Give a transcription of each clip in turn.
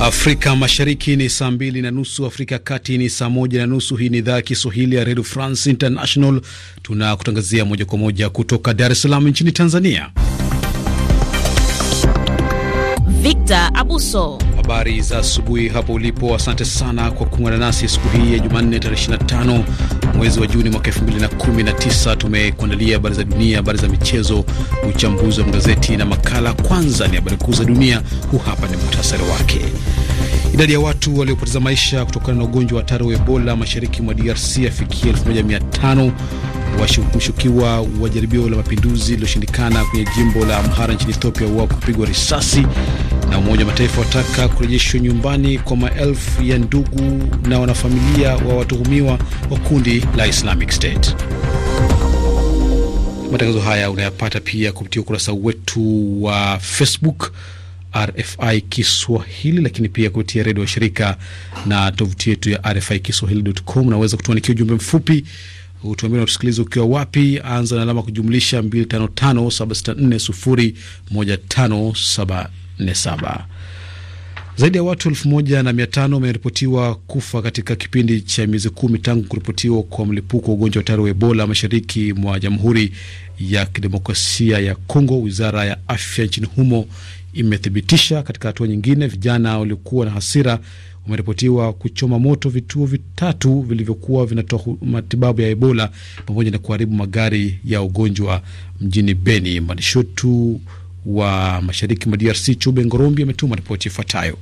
Afrika Mashariki ni saa mbili na nusu, Afrika Kati ni saa moja na nusu. Hii ni idhaa ya Kiswahili ya Redio France International, tunakutangazia moja kwa moja kutoka Dar es Salaam nchini Tanzania. Victor Abuso, habari za asubuhi hapo ulipo. Asante sana kwa kuungana nasi siku hii ya Jumanne tarehe 25 mwezi wa Juni mwaka 2019. Tumekuandalia habari za dunia, habari za michezo, uchambuzi wa magazeti na makala. Kwanza ni habari kuu za dunia, huu hapa ni muhtasari wake. Idadi ya watu waliopoteza maisha kutokana na ugonjwa wa hatari wa Ebola mashariki mwa DRC afikia 1500 mshukiwa wa jaribio la mapinduzi liloshindikana kwenye jimbo la Amhara nchini Ethiopia wa kupigwa risasi. Na Umoja wa Mataifa wataka kurejeshwa nyumbani kwa maelfu ya ndugu na wanafamilia wa watuhumiwa wa kundi la Islamic State. Matangazo haya unayapata pia kupitia ukurasa wetu wa Facebook RFI Kiswahili, lakini pia kupitia redio wa shirika na tovuti yetu ya RFI Kiswahili.com. Unaweza kutuandikia ujumbe mfupi Utuambia natusikiliza ukiwa wapi, anza na alama kujumlisha 255764015747. Zaidi ya watu 15 wameripotiwa kufa katika kipindi cha miezi kumi tangu kuripotiwa kwa mlipuko wa ugonjwa hatari wa Ebola mashariki mwa Jamhuri ya Kidemokrasia ya Kongo. Wizara ya afya nchini humo imethibitisha. Katika hatua nyingine, vijana waliokuwa na hasira umeripotiwa kuchoma moto vituo vitatu vilivyokuwa vinatoa matibabu ya Ebola pamoja na kuharibu magari ya ugonjwa mjini Beni. Mwandishi wetu wa mashariki mwa DRC Chube Ngorombi ametuma ripoti ifuatayo.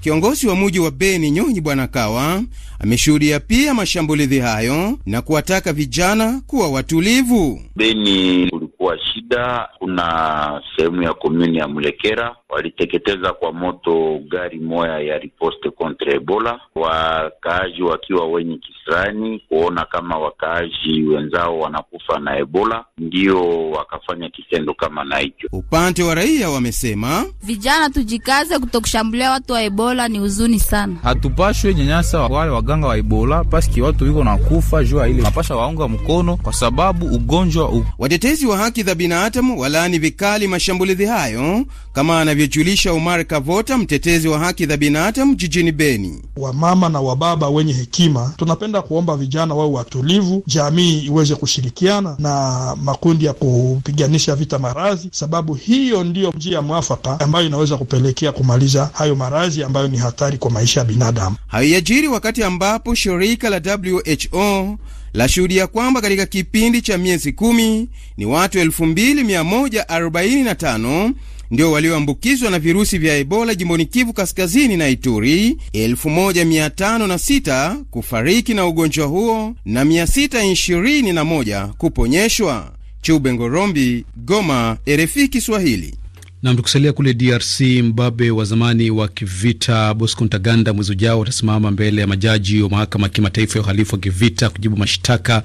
Kiongozi wa muji wa Beni Nyonyi Bwana Kawa ameshuhudia pia mashambulizi hayo na kuwataka vijana kuwa watulivu. Beni kulikuwa shida, kuna sehemu ya komuni ya Mulekera waliteketeza kwa moto gari moya ya riposte kontra Ebola, wakaaji wakiwa wenye kisirani kuona kama wakaaji wenzao wanakufa na Ebola, ndio wakafanya kitendo kama na hicho. Upande wa raia wamesema, vijana tujikaze kutokushambulia watu wa Ebola, ni huzuni sana, hatupashwe nyanyasa wale waganga wa Ebola paski watu wiko na kufa jua ile, napasha waunga mkono kwa sababu ugonjwa u. Watetezi wa haki za binadamu walaani vikali mashambulizi hayo kama anavyo anavyojulisha Omar Kavota, mtetezi wa haki za binadamu jijini Beni. Wamama na wababa wenye hekima, tunapenda kuomba vijana wawe watulivu, jamii iweze kushirikiana na makundi ya kupiganisha vita maradhi, sababu hiyo ndiyo njia mwafaka ambayo inaweza kupelekea kumaliza hayo maradhi ambayo ni hatari kwa maisha ya binadamu. haiajiri wakati ambapo shirika la WHO lashuhudia kwamba katika kipindi cha miezi kumi ni watu 2145 ndio walioambukizwa na virusi vya Ebola jimboni Kivu Kaskazini na Ituri, 1506 kufariki na ugonjwa huo na 621 kuponyeshwa. Chube Ngorombi, Goma, RFI Kiswahili. Nam, tukisalia kule DRC, mbabe wa zamani wa kivita Bosco Ntaganda mwezi ujao atasimama mbele ya majaji wa mahakama ya kimataifa ya uhalifu wa kivita kujibu mashtaka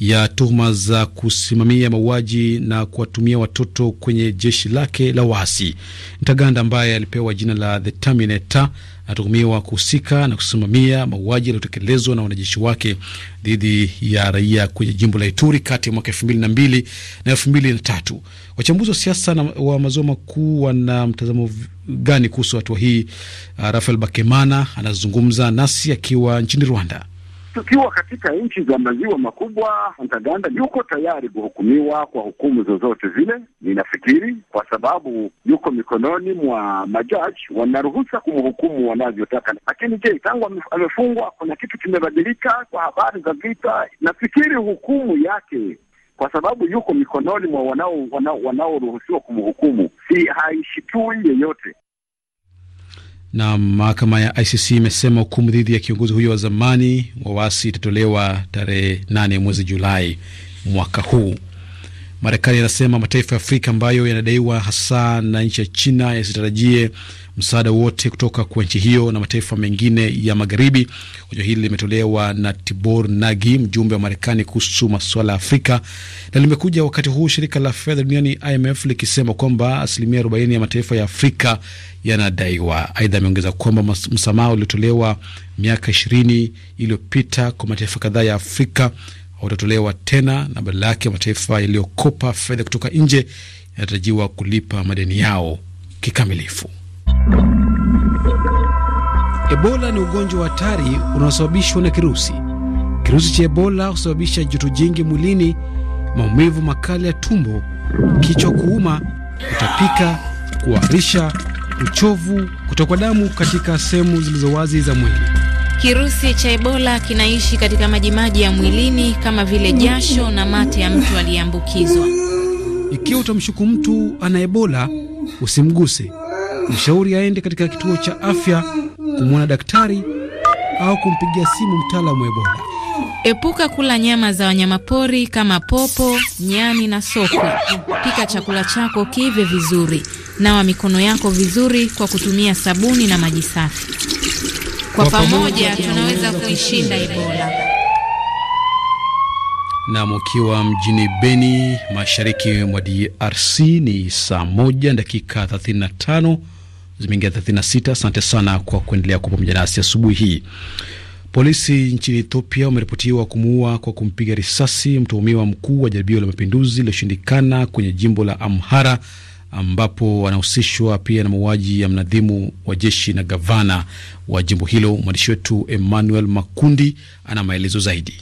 ya tuhuma za kusimamia mauaji na kuwatumia watoto kwenye jeshi lake la waasi. Ntaganda ambaye alipewa jina la The Terminator anatuhumiwa kuhusika na kusimamia mauaji yaliyotekelezwa na wanajeshi wake dhidi ya raia kwenye jimbo la Ituri kati ya mwaka elfu mbili na mbili na elfu mbili na tatu. Wachambuzi wa siasa wa maziwa makuu wana mtazamo gani kuhusu hatua hii? Ah, Rafael Bakemana anazungumza nasi akiwa nchini Rwanda tukiwa katika nchi za maziwa makubwa, Ntaganda yuko tayari kuhukumiwa kwa hukumu zozote zile, ninafikiri kwa sababu yuko mikononi mwa majaji, wanaruhusa kumhukumu wanavyotaka. Lakini je, tangu amefungwa kuna kitu kimebadilika kwa habari za vita? Nafikiri hukumu yake kwa sababu yuko mikononi mwa wanaoruhusiwa wanao, wanao kumhukumu, si haishitui yeyote. Na mahakama ya ICC imesema hukumu dhidi ya kiongozi huyo wa zamani wa waasi itatolewa tarehe 8 mwezi Julai mwaka huu. Marekani anasema mataifa ya Afrika ambayo yanadaiwa hasa na nchi ya China yasitarajie msaada wote kutoka kwa nchi hiyo na mataifa mengine ya magharibi. Onyo hili limetolewa na Tibor Nagi, mjumbe wa Marekani kuhusu masuala ya Afrika, na limekuja wakati huu shirika la fedha duniani IMF likisema kwamba asilimia 40 ya mataifa ya Afrika yanadaiwa. Aidha, ameongeza kwamba msamaha uliotolewa miaka 20 iliyopita kwa mataifa kadhaa ya Afrika hautatolewa tena na badala yake mataifa yaliyokopa fedha kutoka nje yanatarajiwa kulipa madeni yao kikamilifu. Ebola ni ugonjwa wa hatari unaosababishwa na kirusi. Kirusi cha Ebola husababisha joto jingi mwilini, maumivu makali ya tumbo, kichwa kuuma, kutapika, kuharisha, uchovu, kutokwa damu katika sehemu zilizo wazi za mwili. Kirusi cha Ebola kinaishi katika majimaji ya mwilini kama vile jasho na mate ya mtu aliyeambukizwa. Ikiwa utamshuku mtu ana Ebola, usimguse. Mshauri aende katika kituo cha afya kumwona daktari au kumpigia simu mtaalamu wa Ebola. Epuka kula nyama za wanyamapori kama popo, nyani na sokwe. Pika chakula chako kive vizuri. Nawa mikono yako vizuri kwa kutumia sabuni na maji safi. Kwa pamoja tunaweza kuishinda Ebola. Na mkiwa mjini Beni, mashariki mwa DRC ni saa moja dakika 35 zimeingia 36. Asante sana kwa kuendelea kuwa pamoja nasi asubuhi hii. Polisi nchini Ethiopia wameripotiwa kumuua kwa kumpiga risasi mtuhumiwa mkuu wa jaribio la mapinduzi lililoshindikana kwenye jimbo la Amhara ambapo wanahusishwa pia na mauaji ya mnadhimu wa jeshi na gavana wa jimbo hilo. Mwandishi wetu Emmanuel Makundi ana maelezo zaidi.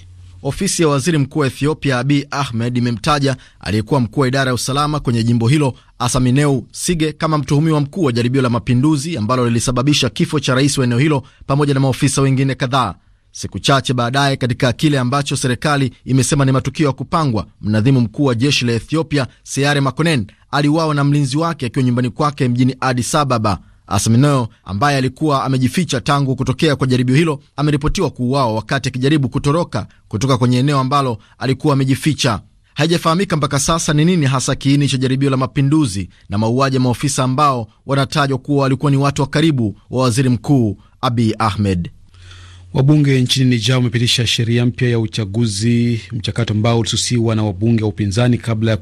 Ofisi ya waziri mkuu wa Ethiopia abi Ahmed imemtaja aliyekuwa mkuu wa idara ya usalama kwenye jimbo hilo Asamineu Sige kama mtuhumiwa mkuu wa jaribio la mapinduzi ambalo lilisababisha kifo cha rais wa eneo hilo pamoja na maofisa wengine kadhaa. Siku chache baadaye, katika kile ambacho serikali imesema ni matukio ya kupangwa, mnadhimu mkuu wa jeshi la Ethiopia Siare Makonen aliuawa na mlinzi wake akiwa nyumbani kwake mjini Addis Ababa. Asamineo ambaye alikuwa amejificha tangu kutokea kwa jaribio hilo ameripotiwa kuuawa wakati akijaribu kutoroka kutoka kwenye eneo ambalo alikuwa amejificha. Haijafahamika mpaka sasa ni nini hasa kiini cha jaribio la mapinduzi na mauaji ya maofisa ambao wanatajwa kuwa walikuwa ni watu wa karibu wa waziri mkuu Abiy Ahmed. Wabunge nchini nija wamepitisha sheria mpya ya uchaguzi, mchakato ambao ulisusiwa na wabunge wa upinzani kabla ya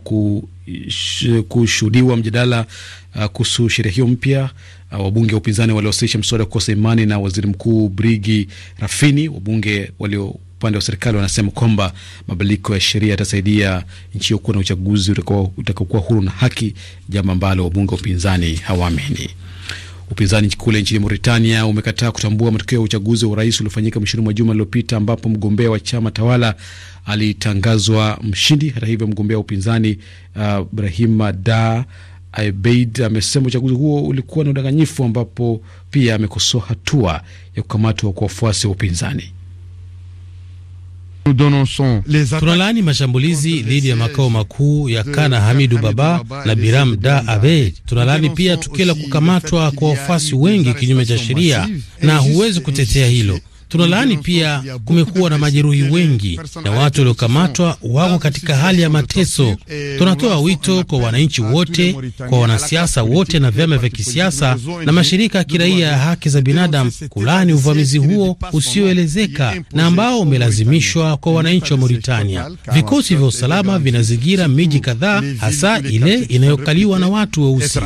kushuhudiwa mjadala uh, kuhusu sheria hiyo mpya. Uh, wabunge wa upinzani waliwasilisha mswada wa kukosa imani na waziri mkuu Brigi Rafini. Wabunge walio upande wa serikali wanasema kwamba mabadiliko ya sheria yatasaidia nchi hiyo kuwa na uchaguzi utakaokuwa huru na haki, jambo ambalo wabunge wa upinzani hawaamini. Upinzani kule nchini Mauritania umekataa kutambua matokeo ya uchaguzi wa urais uliofanyika mwishoni mwa juma lililopita, ambapo mgombea wa chama tawala alitangazwa mshindi. Hata hivyo, mgombea wa upinzani uh, Brahima Da Abeid amesema uchaguzi huo ulikuwa na udanganyifu, ambapo pia amekosoa hatua ya kukamatwa kwa wafuasi wa upinzani. Tunalaani mashambulizi dhidi ya makao makuu ya Kana Hamidu Baba na Biram Da Abe. Tunalaani pia tukio la kukamatwa kwa wafuasi wengi kinyume cha sheria, na huwezi kutetea hilo. Tunalaani pia kumekuwa na majeruhi wengi na watu waliokamatwa wako katika hali ya mateso. Tunatoa wito kwa wananchi wote, kwa wanasiasa wote na vyama vya kisiasa na mashirika ya kiraia ya haki za binadamu kulaani uvamizi huo usioelezeka na ambao umelazimishwa kwa wananchi wa Mauritania. Vikosi vya usalama vinazingira miji kadhaa, hasa ile inayokaliwa na watu weusi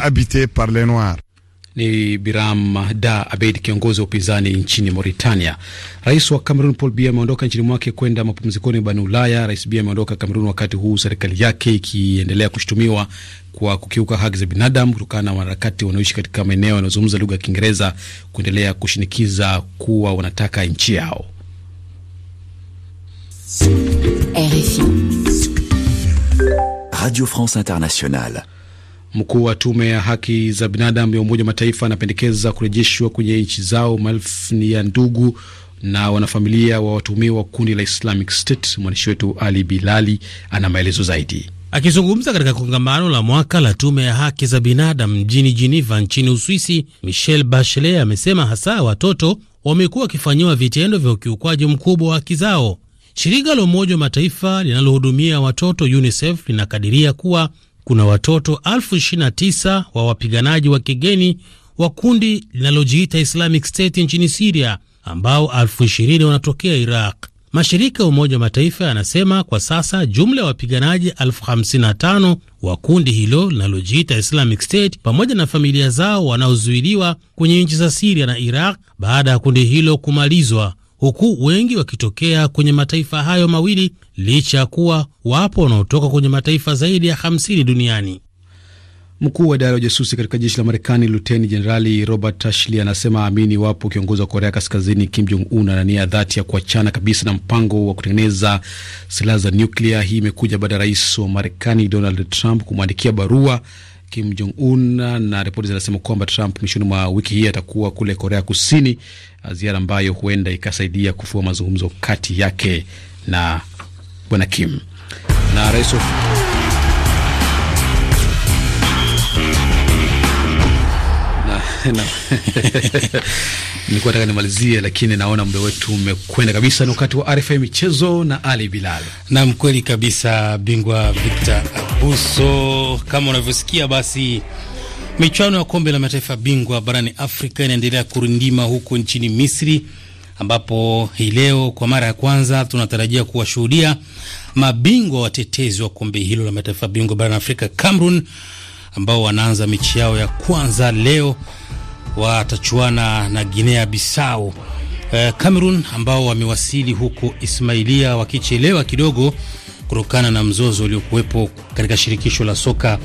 ni Biram Da Abeid, kiongozi wa upinzani nchini Mauritania. Rais wa Cameroon Paul Biya ameondoka nchini mwake kwenda mapumzikoni barani Ulaya. Rais Biya ameondoka Cameroon wakati huu serikali yake ikiendelea kushutumiwa kwa kukiuka haki za binadamu kutokana na wanaharakati wanaoishi katika maeneo yanayozungumza lugha ya Kiingereza kuendelea kushinikiza kuwa wanataka nchi yao. Radio France Internationale Mkuu wa tume ya haki za binadamu ya Umoja wa Mataifa anapendekeza kurejeshwa kwenye nchi zao maelfu ya ndugu na wanafamilia wa watuhumiwa wa kundi la Islamic State. Mwandishi wetu Ali Bilali ana maelezo zaidi. Akizungumza katika kongamano la mwaka la tume ya haki za binadamu mjini Geneva nchini Uswisi, michel Bachelet amesema hasa watoto wamekuwa wakifanyiwa vitendo vya ukiukwaji mkubwa wa haki zao. Shirika la Umoja wa Mataifa linalohudumia watoto UNICEF linakadiria kuwa kuna watoto elfu wa wapiganaji wa kigeni wa kundi linalojiita Islamic State nchini Siria ambao elfu wanatokea Iraq. Mashirika ya Umoja wa Mataifa yanasema kwa sasa jumla ya wapiganaji elfu wa kundi hilo linalojiita Islamic State pamoja na familia zao wanaozuiliwa kwenye nchi za Siria na Iraq baada ya kundi hilo kumalizwa huku wengi wakitokea kwenye mataifa hayo mawili licha ya kuwa wapo wanaotoka kwenye mataifa zaidi ya 50 duniani. Mkuu wa idara ya ujasusi katika jeshi la Marekani Luteni Jenerali Robert Ashley anasema amini wapo kiongozi wa Korea Kaskazini Kim Jong Un ana nia dhati ya kuachana kabisa na mpango wa kutengeneza silaha za nyuklia. Hii imekuja baada ya rais wa Marekani Donald Trump kumwandikia barua Kim Jong Un, na ripoti zinasema kwamba Trump mwishoni mwa wiki hii atakuwa kule Korea Kusini, uh, ziara ambayo huenda ikasaidia kufua mazungumzo kati yake na bwana Kim na rais tena nilikuwa nataka nimalizie, lakini naona muda wetu umekwenda kabisa. Ni wakati wa RFI michezo na Ali Bilal. Naam, kweli kabisa, bingwa Victor Abuso, kama unavyosikia basi michuano ya kombe la mataifa bingwa barani Afrika inaendelea kurindima huko nchini Misri, ambapo hii leo kwa mara ya kwanza tunatarajia kuwashuhudia mabingwa watetezi wa kombe hilo la mataifa bingwa barani Afrika, Cameroon, ambao wanaanza michi yao ya kwanza leo watachuana na Guinea Bissau. Eh, Cameroon ambao wamewasili huko Ismailia wakichelewa kidogo kutokana na mzozo uliokuwepo katika shirikisho la soka.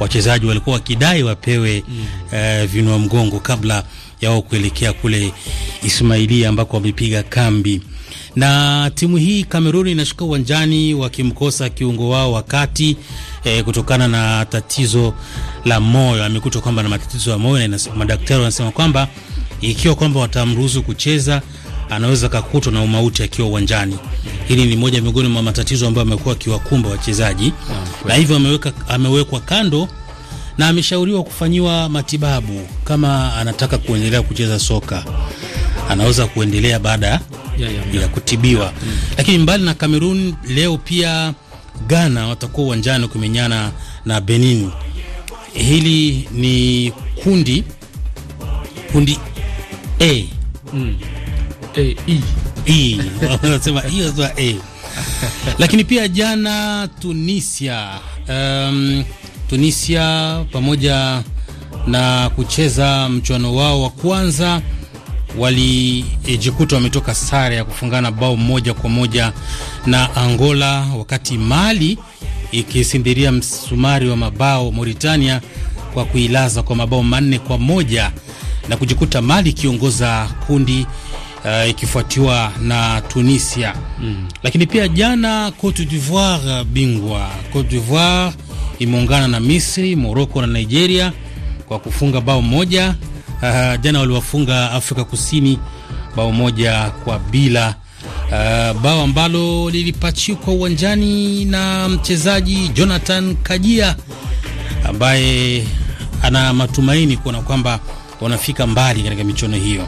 Wachezaji walikuwa wakidai wapewe mm. uh, vinua mgongo kabla yao kuelekea kule Ismailia ambako wamepiga kambi na timu hii Kameruni inashuka uwanjani wakimkosa kiungo wao wakati e, eh, kutokana na tatizo la moyo. Amekutwa kwamba na matatizo ya moyo, na madaktari wanasema kwamba ikiwa kwamba watamruhusu kucheza anaweza kakutwa na umauti akiwa uwanjani. Hili ni moja miongoni mwa matatizo ambayo amekuwa akiwakumba wachezaji, ah, na hivyo ameweka, amewekwa kando na ameshauriwa kufanyiwa matibabu. Kama anataka kuendelea kucheza soka, anaweza kuendelea baada yeah, yeah, yeah. ya kutibiwa yeah. mm. Lakini mbali na Cameroon leo pia Ghana watakuwa uwanjani kumenyana na Benin. Hili ni kundi kundi A. Mm. A, E. E. Wanasema hiyo sio A. Lakini pia jana Tunisia um, Tunisia pamoja na kucheza mchuano wao wa kwanza walijikuta eh, wametoka sare ya kufungana bao moja kwa moja na Angola, wakati Mali ikisindiria msumari wa mabao Mauritania kwa kuilaza kwa mabao manne kwa moja na kujikuta Mali ikiongoza kundi uh, ikifuatiwa na Tunisia mm. Lakini pia jana Cote d'Ivoire bingwa Cote d'Ivoire imeungana na Misri, Morocco na Nigeria kwa kufunga bao moja uh, jana waliwafunga Afrika Kusini bao moja kwa bila uh, bao ambalo lilipachikwa uwanjani na mchezaji Jonathan Kajia ambaye ana matumaini kuona kwamba wanafika mbali katika michuano hiyo.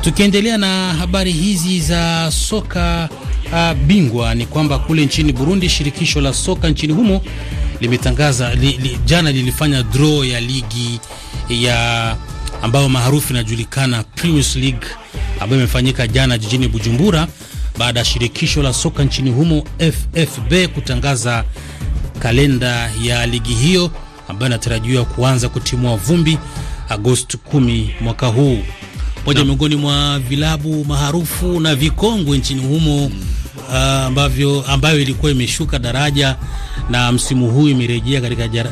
Tukiendelea na habari hizi za soka uh, bingwa ni kwamba kule nchini Burundi shirikisho la soka nchini humo limetangaza li, li, jana lilifanya draw ya ligi ya ambayo maarufu inajulikana Premier League ambayo imefanyika jana jijini Bujumbura baada ya shirikisho la soka nchini humo FFB kutangaza kalenda ya ligi hiyo ambayo inatarajiwa kuanza kutimua vumbi Agosti 10 mwaka huu. Moja miongoni mwa vilabu maarufu na vikongwe nchini humo uh, ambavyo ambayo ilikuwa imeshuka daraja na msimu huu imerejea katika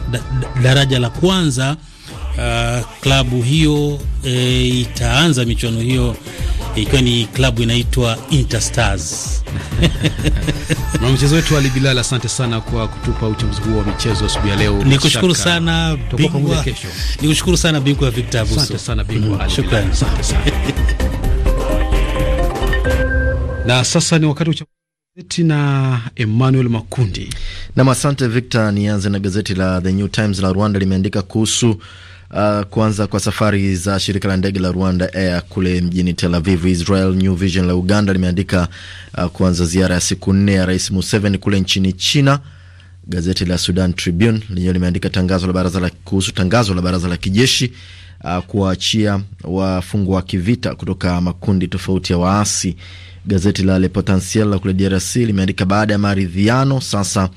daraja la kwanza uh, klabu hiyo e, itaanza michuano hiyo ikiwa ni klabu inaitwa Interstars. Mwanamchezo wetu Ali Bilal, asante sana kwa kutupa uchambuzi huo wa michezo asubuhi ya leo. Nikushukuru sana bingwa, nikushukuru sana bingwa Victor Abuso. Asante sana bingwa Mm, shukrani, asante sana. Na sasa ni wakati wa gazeti na Emmanuel Makundi. Na asante Victor, nianze na gazeti la The New Times la Rwanda limeandika kuhusu Uh, kuanza kwa safari za shirika la ndege la Rwanda Air kule mjini Tel Aviv, Israel. New Vision la Uganda limeandika uh, kuanza ziara ya siku nne ya Rais Museveni kule nchini China. Gazeti la Sudan Tribune lenyewe limeandika tangazo la baraza la kuhusu tangazo la baraza la kijeshi uh, kuwaachia wafungwa wa kivita kutoka makundi tofauti ya waasi. Gazeti la Le Potentiel la kule DRC limeandika baada ya maridhiano sasa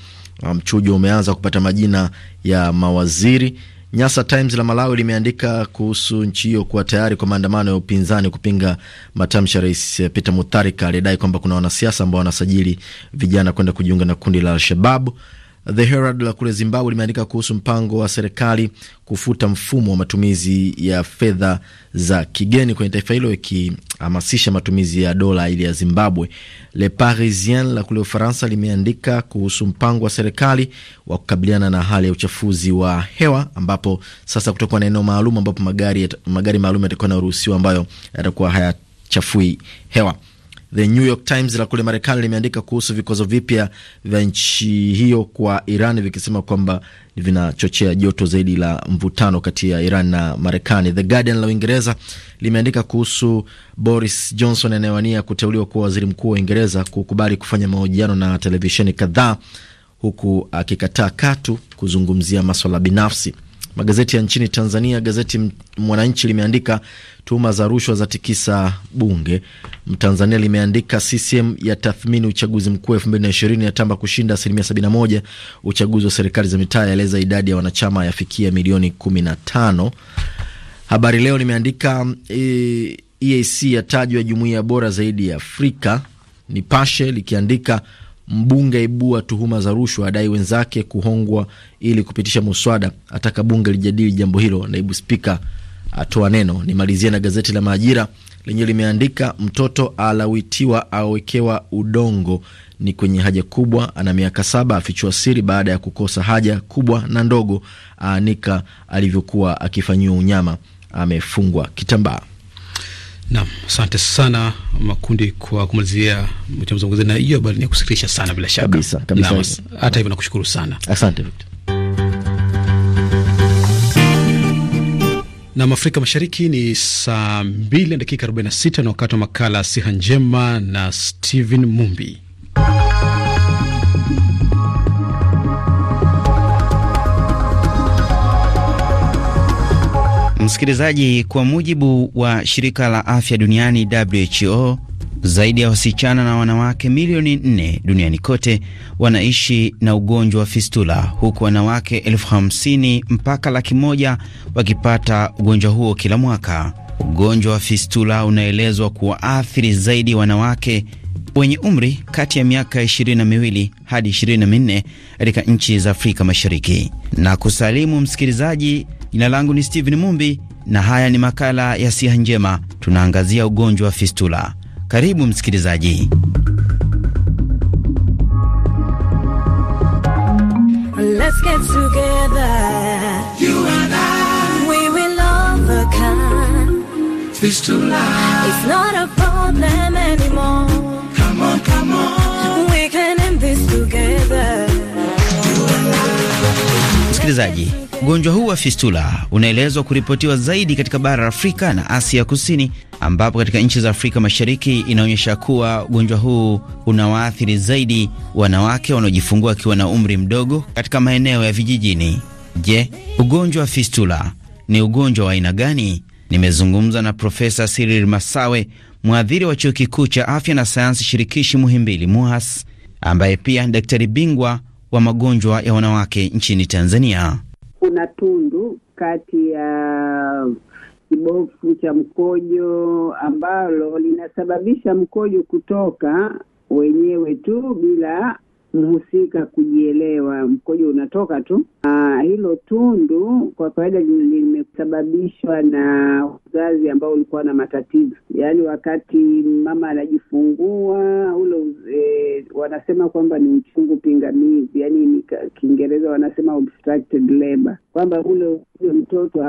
mchujo um, umeanza kupata majina ya mawaziri Nyasa Times la Malawi limeandika kuhusu nchi hiyo kuwa tayari kwa maandamano ya upinzani kupinga matamshi ya Rais Peter Mutharika aliyedai kwamba kuna wanasiasa ambao wanasajili vijana kwenda kujiunga na kundi la Al-Shababu. The Herald la kule Zimbabwe limeandika kuhusu mpango wa serikali kufuta mfumo wa matumizi ya fedha za kigeni kwenye taifa hilo ikihamasisha matumizi ya dola ili ya Zimbabwe. Le Parisien la kule Ufaransa limeandika kuhusu mpango wa serikali wa kukabiliana na hali ya uchafuzi wa hewa ambapo sasa kutakuwa na eneo maalum ambapo magari, magari maalum yatakuwa na ruhusiwa ambayo yatakuwa hayachafui hewa. The New York Times la kule Marekani limeandika kuhusu vikwazo vipya vya nchi hiyo kwa Iran vikisema kwamba vinachochea joto zaidi la mvutano kati ya Iran na Marekani. The Guardian la Uingereza limeandika kuhusu Boris Johnson anayewania kuteuliwa kuwa waziri mkuu wa Uingereza kukubali kufanya mahojiano na televisheni kadhaa huku akikataa katu kuzungumzia maswala binafsi. Magazeti ya nchini Tanzania, gazeti Mwananchi limeandika tuhuma za rushwa za tikisa bunge. Mtanzania limeandika CCM ya tathmini uchaguzi mkuu ishirini yatamba kushinda asilimia 71. Uchaguzi wa serikali za mitaa yaeleza idadi ya wanachama yafikia milioni 15. Habari Leo limeandika EAC e yatajwa jumuiya bora zaidi ya Afrika. Nipashe likiandika Mbunge aibua tuhuma za rushwa, adai wenzake kuhongwa ili kupitisha muswada, ataka bunge lijadili jambo hilo. Naibu spika atoa neno. Nimalizie na gazeti la Majira lenyewe limeandika mtoto alawitiwa awekewa udongo, ni kwenye haja kubwa. Ana miaka saba, afichua siri baada ya kukosa haja kubwa na ndogo, aanika alivyokuwa akifanyiwa unyama, amefungwa kitambaa. Naam, asante sana Makundi kwa kumalizia mchambuzi wangu, na hiyo habari ni kusikitisha sana, bila shaka kabisa kabisa. Hata hivyo nakushukuru sana, asante Victor. Nam, Afrika Mashariki ni saa 2 dakika 46, na wakati wa makala Siha Njema na Steven Mumbi. Msikilizaji, kwa mujibu wa shirika la afya duniani WHO, zaidi ya wasichana na wanawake milioni nne duniani kote wanaishi na ugonjwa wa fistula, huku wanawake elfu hamsini mpaka laki moja wakipata ugonjwa huo kila mwaka. Ugonjwa wa fistula unaelezwa kuwaathiri zaidi wanawake wenye umri kati ya miaka ishirini na miwili hadi ishirini na minne katika nchi za Afrika Mashariki. Na kusalimu msikilizaji Jina langu ni Steven Mumbi na haya ni makala ya Siha Njema. Tunaangazia ugonjwa wa fistula. Karibu msikilizaji. Msikilizaji, Ugonjwa huu wa fistula unaelezwa kuripotiwa zaidi katika bara la Afrika na Asia ya Kusini, ambapo katika nchi za Afrika Mashariki inaonyesha kuwa ugonjwa huu unawaathiri zaidi wanawake wanaojifungua wakiwa na umri mdogo katika maeneo ya vijijini. Je, ugonjwa wa fistula ni ugonjwa wa aina gani? Nimezungumza na Profesa siril Masawe, mwadhiri wa chuo kikuu cha afya na sayansi shirikishi Muhimbili MUHAS, ambaye pia ni daktari bingwa wa magonjwa ya wanawake nchini Tanzania kuna tundu kati ya kibofu cha mkojo ambalo linasababisha mkojo kutoka wenyewe tu bila mhusika kujielewa mkojo unatoka tu. Aa, ah, hilo tundu kwa kawaida limesababishwa na uzazi ambao ulikuwa na matatizo, yaani wakati mama anajifungua ule e, wanasema kwamba ni uchungu pingamizi, yaani Kiingereza wanasema obstructed labor, kwamba ule huyo mtoto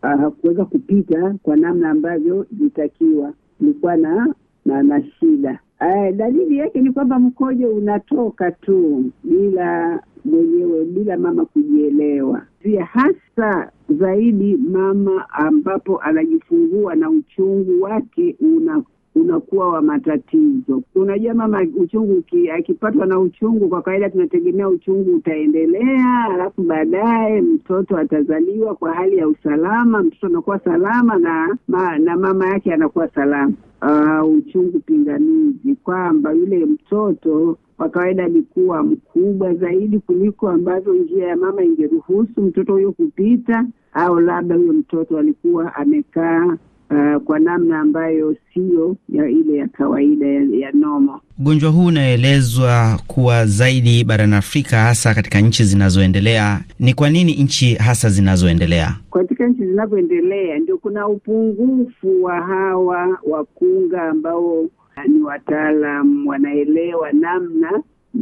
hakuweza kupita kwa namna ambavyo ilitakiwa, ilikuwa na na, na shida Uh, dalili yake ni kwamba mkojo unatoka tu bila mwenyewe, bila mama kujielewa, pia hasa zaidi mama ambapo anajifungua na uchungu wake una unakuwa wa matatizo. Unajua mama, uchungu akipatwa na uchungu, kwa kawaida tunategemea uchungu utaendelea, alafu baadaye mtoto atazaliwa kwa hali ya usalama, mtoto anakuwa salama na ma, na mama yake anakuwa salama. Uh, uchungu pinganizi kwamba yule mtoto kwa kawaida alikuwa mkubwa zaidi kuliko ambavyo njia ya mama ingeruhusu mtoto huyo kupita, au labda huyo mtoto alikuwa amekaa uh, kwa namna ambayo siyo ya ile ya kawaida ya, ya nomo. Ugonjwa huu unaelezwa kuwa zaidi barani Afrika, hasa katika nchi zinazoendelea. Ni kwa nini nchi hasa zinazoendelea? Katika nchi zinavyoendelea ndio kuna upungufu wa hawa wakunga ambao uh, ni wataalam wanaelewa namna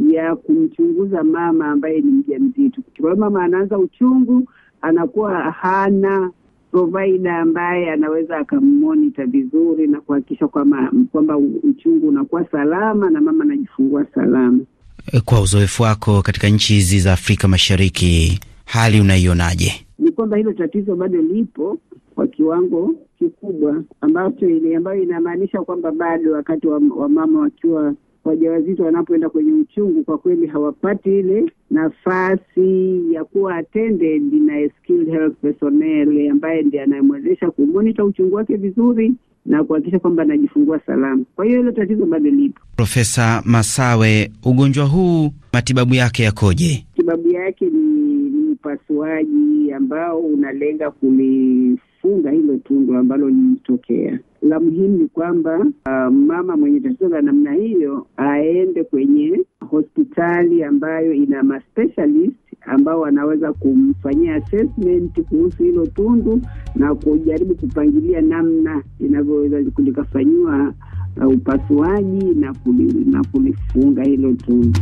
ya kumchunguza mama ambaye ni mjamzito, kwa sababu mama anaanza uchungu, anakuwa hana provider ambaye anaweza akammonita vizuri na kuhakikisha kwamba kwamba uchungu unakuwa salama na mama anajifungua salama. Eh, kwa uzoefu wako katika nchi hizi za Afrika Mashariki, hali unaionaje? Ni kwamba hilo tatizo bado lipo kwa kiwango kikubwa, ambacho ambayo inamaanisha kwamba bado wakati wa, wa mama wakiwa wajawazito wanapoenda kwenye uchungu, kwa kweli hawapati ile nafasi ya kuwa attended na skilled health personnel ambaye ndiye anayemwezesha kumonita uchungu wake vizuri na kuhakikisha kwamba anajifungua salama. Kwa hiyo hilo tatizo bado lipo. Profesa Masawe, ugonjwa huu matibabu yake yakoje? Matibabu yake ni, ni upasuaji ambao unalenga kulifunga hilo tundu ambalo lilitokea la muhimu ni kwamba uh, mama mwenye tatizo la namna hiyo aende kwenye hospitali ambayo ina maspecialist ambao wanaweza kumfanyia assessment kuhusu hilo tundu na kujaribu kupangilia namna inavyoweza likafanyiwa uh, ah, upasuaji na kulifunga hilo tundu.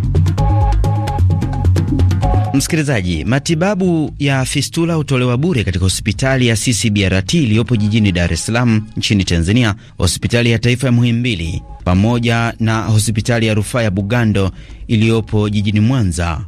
Msikilizaji, matibabu ya fistula hutolewa bure katika hospitali ya CCBRT iliyopo jijini Dar es Salaam nchini Tanzania, hospitali ya taifa ya Muhimbili pamoja na hospitali ya rufaa ya Bugando iliyopo jijini Mwanza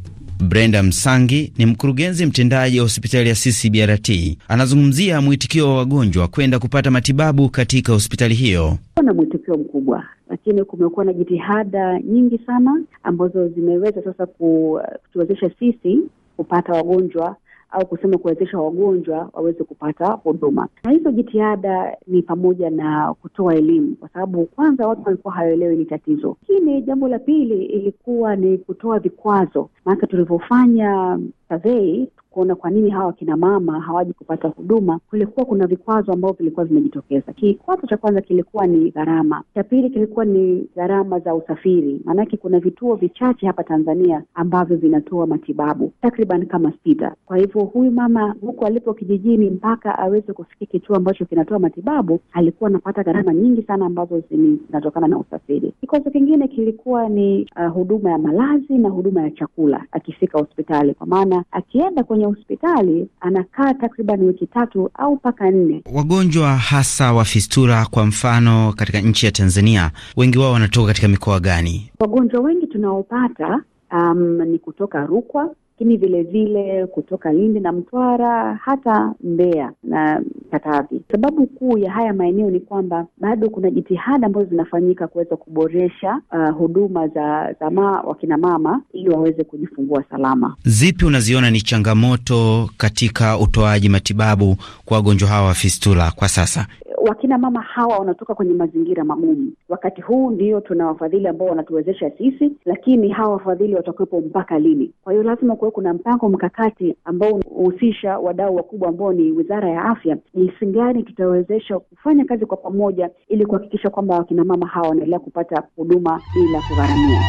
Brenda Msangi ni mkurugenzi mtendaji wa hospitali ya CCBRT, anazungumzia mwitikio wa wagonjwa kwenda kupata matibabu katika hospitali hiyo. Kuna mwitikio mkubwa, lakini kumekuwa na jitihada nyingi sana ambazo zimeweza sasa kutuwezesha sisi kupata wagonjwa au kusema kuwezesha wagonjwa waweze kupata huduma. Na hizo jitihada ni pamoja na kutoa elimu, kwa sababu kwanza watu walikuwa hawaelewi ni tatizo. Lakini jambo la pili ilikuwa ni kutoa vikwazo, maanake tulivyofanya survey kuona kwa nini hawa wakina mama hawaji kupata huduma, kulikuwa kuna vikwazo ambavyo vilikuwa vimejitokeza. Kikwazo cha kwanza kilikuwa ni gharama, cha pili kilikuwa ni gharama za usafiri, maanake kuna vituo vichache hapa Tanzania ambavyo vinatoa matibabu takriban kama sita. Kwa hivyo huyu mama huku alipo kijijini, mpaka aweze kufikia kituo ambacho kinatoa matibabu, alikuwa anapata gharama nyingi sana ambazo zinatokana na usafiri. Kikwazo kingine kilikuwa ni uh, huduma ya malazi na huduma ya chakula akifika hospitali, kwa maana akienda kwenye hospitali anakaa takriban wiki tatu au mpaka nne. Wagonjwa hasa wa fistura, kwa mfano, katika nchi ya Tanzania, wengi wao wanatoka katika mikoa gani? Wagonjwa wengi tunaopata um, ni kutoka Rukwa, lakini vilevile kutoka Lindi na Mtwara hata Mbeya na Katavi. Sababu kuu ya haya maeneo ni kwamba bado kuna jitihada ambazo zinafanyika kuweza kuboresha uh, huduma za, za ma, wakina mama ili waweze kujifungua salama. Zipi unaziona ni changamoto katika utoaji matibabu kwa wagonjwa hawa wa fistula kwa sasa? wakina mama hawa wanatoka kwenye mazingira magumu. Wakati huu ndio tuna wafadhili ambao wanatuwezesha sisi, lakini hawa wafadhili watakuwepo mpaka lini? Kwa hiyo lazima kuwe kuna mpango mkakati ambao unahusisha wadau wakubwa ambao ni wizara ya afya, jinsi gani tutawezesha kufanya kazi kwa pamoja ili kuhakikisha kwamba wakinamama hawa wanaendelea kupata huduma bila kugharamia.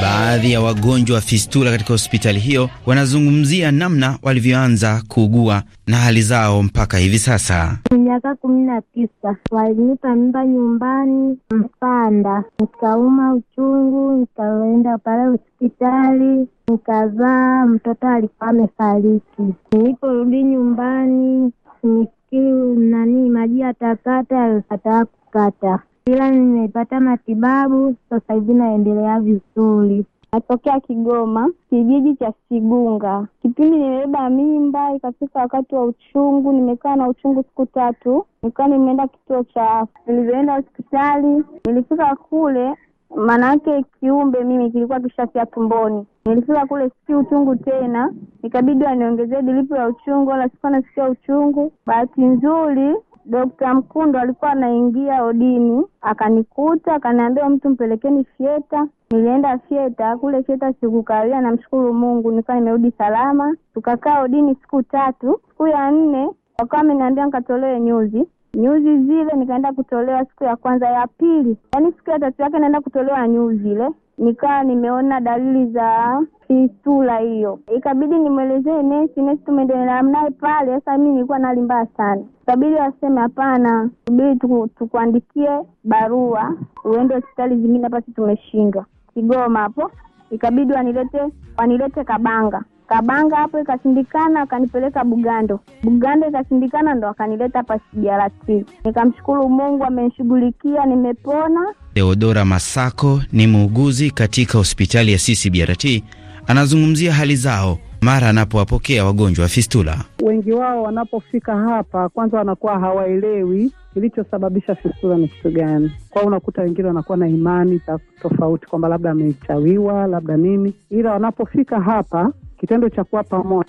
Baadhi ya wagonjwa wa fistula katika hospitali hiyo wanazungumzia namna walivyoanza kuugua na hali zao mpaka hivi sasa. Miaka kumi na tisa walinipa mimba nyumbani Mpanda, nikauma uchungu, nikaenda pale hospitali nikazaa, mtoto alikuwa amefariki. Niliporudi nyumbani nikiu nani maji yatakata, yakakataa kukata ila nimepata matibabu sasa hivi naendelea vizuri. Natokea Kigoma, kijiji cha Sigunga. Kipindi nimebeba mimba, ikafika wakati wa uchungu, nimekaa na uchungu siku tatu, nikawa nimeenda kituo cha afya. Nilivyoenda hospitali, nilifika kule, maanake kiumbe mimi kilikuwa kishafia tumboni. Nilifika kule si uchungu tena, ikabidi waniongezee dilipu ya uchungu, wala sikuwa nasikia uchungu. Bahati nzuri Dokta Mkundo alikuwa anaingia odini, akanikuta akaniambia, mtu mpelekeni fieta. Nilienda fieta, kule fieta sikukawia, namshukuru Mungu nikawa nimerudi salama. Tukakaa odini siku tatu. Siku ya nne wakawa ameniambia nikatolewe nyuzi nyuzi zile nikaenda kutolewa siku ya kwanza, ya pili, yaani siku ya tatu yake naenda kutolewa nyuzi ile nikawa nimeona dalili za fistula hiyo, ikabidi nimwelezee nesi. Nesi tumeendelea naye pale. Sasa mi nilikuwa nali mbaya sana, ikabidi waseme hapana, subiri tukuandikie barua uende hospitali zingine, basi tumeshindwa Kigoma hapo, ikabidi wanilete wanilete Kabanga. Kabanga hapo ikashindikana, akanipeleka Bugando. Bugando ikashindikana, ndo akanileta hapa CBRT. Nikamshukuru Mungu, amenishughulikia, nimepona. Theodora Masako ni muuguzi katika hospitali ya CCBRT, anazungumzia hali zao mara anapowapokea wagonjwa wa fistula. Wengi wao wanapofika hapa, kwanza wanakuwa hawaelewi kilichosababisha fistula ni kitu gani. Kwao unakuta wengine wanakuwa na imani za tofauti kwamba labda amechawiwa labda nini, ila wanapofika hapa kitendo cha kuwa pamoja,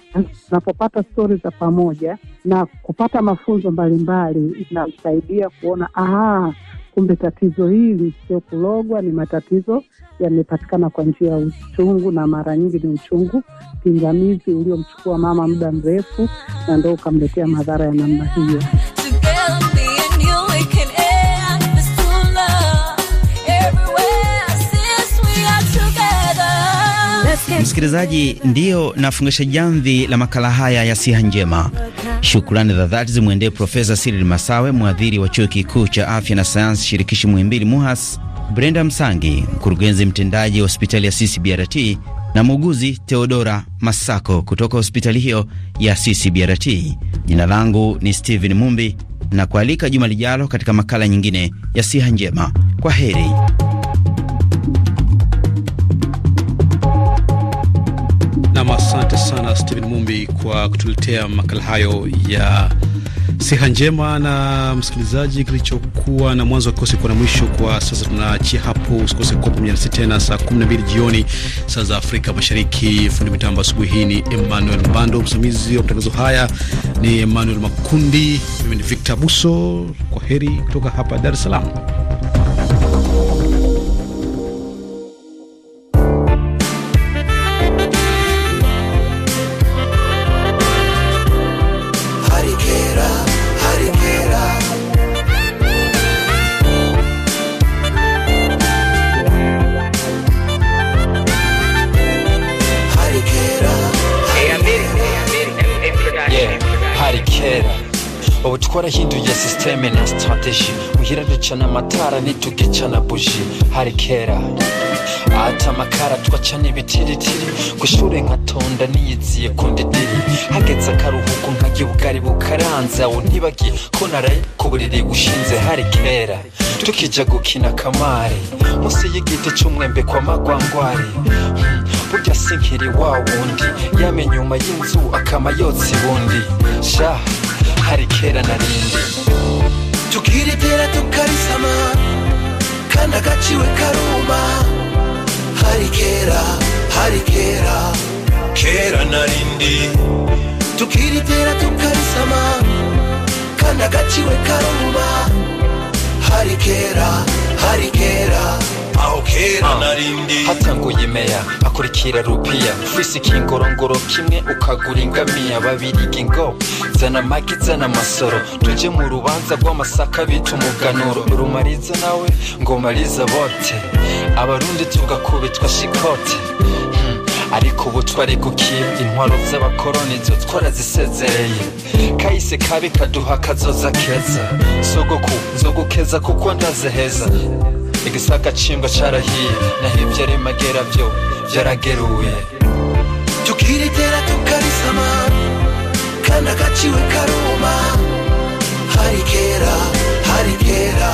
tunapopata stori za pamoja na kupata mafunzo mbalimbali, inamsaidia kuona aha, kumbe tatizo hili sio kulogwa, ni matatizo yamepatikana kwa njia ya uchungu, na mara nyingi ni uchungu pingamizi uliomchukua mama muda mrefu, na ndo ukamletea madhara ya namna hiyo. Msikilizaji, ndiyo nafungisha jamvi la makala haya ya siha njema. Shukrani za dhati zimwendee Profesa siril Masawe, mwadhiri wa chuo kikuu cha afya na sayansi shirikishi Muhimbili MUHAS, Brenda Msangi, mkurugenzi mtendaji wa hospitali ya CCBRT na muuguzi teodora Masako kutoka hospitali hiyo ya CCBRT. Jina langu ni Steven Mumbi na kualika juma lijalo katika makala nyingine ya siha njema. Kwa heri. Nam, asante sana Stephen Mumbi kwa kutuletea makala hayo ya siha njema. Na msikilizaji, kilichokuwa na mwanzo kikosi kuwa na mwisho kwa sasa. Tunaachia hapo, usikose kuwa pamoja nasi tena saa 12 jioni saa za Afrika Mashariki. Fundi mitambo asubuhi hii ni Emmanuel Mbando, msimamizi wa matangazo haya ni Emmanuel Makundi, mimi ni Victor Buso. Kwa heri kutoka hapa Dar es Salaam. Kora hinduye sisiteme na sitarateji muhira ducana amatara ntitugicana buji hari kera ata amakara twacana ibitiritiri ku ishuri nkatonda niyiziye ku ndidiri hageze akaruhuko nkarya ubugari bukaranze aho ntibagiye ko naraye ku buriri bushinze hari kera tukijya gukina kamari munsi y'igiti cy'umwembe kwa magwangwari hmm, burya sinkiri wa wundi yamenye nyuma y'inzu akama yotsa ibundi shaha hari kera na rimwe tukiritera tukarisama kandi agaciwe karuma hari kera hari kera kera narindi tukiritera tukarisama kandi agaciwe karuma hari kera hari kera Ah. hatangu yimeya akurikira rupiya fisika ingorongoro kimwe ukagura ingamiya babiriga ingo zana magi zana masoro tuje mu rubanza rw'amasaka bita umuganuro rumariza nawe ngomariza bote abarundi tugakubitwa shikote hmm. ariko ubu twari gukira intwaro z'abakoroni zo twarazisezereye kahise kabi kaduha kazoza keza zo gukeza kuko ndazeheza igisaka cimbwa carahiye naho ivyo ari magera vyo vyarageruye tukiregera tukarisama kandi agaciwe karuma hari kera hari kera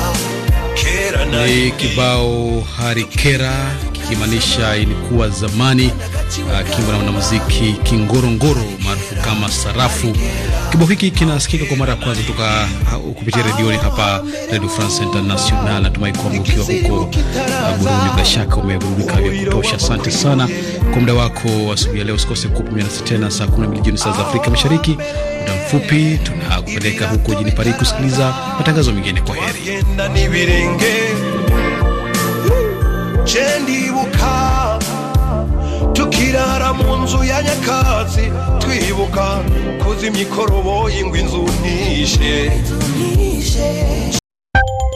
ni kibao harikera kikimaanisha ilikuwa zamani akimbwa ah, na mwanamuziki Kingorongoro maarufu kama Sarafu. Kibao hiki kinasikika kwa mara ya kwanza kutoka ah, kupitia redioni hapa Radio France International. Natumai kwamba ukiwa huko ah, Burundi, bila shaka umeburudika vya kutosha. Asante sana kwa muda wako asubuhi ya leo. Usikose kupumia nasi tena saa 12 jioni saa za Afrika Mashariki. Muda mfupi tunakupeleka huko jini Paris kusikiliza matangazo mengine. Kwa heri. irara mu nzu ya nyakatsi twibuka kuzimya ikoroboyi ngo inzu ntishe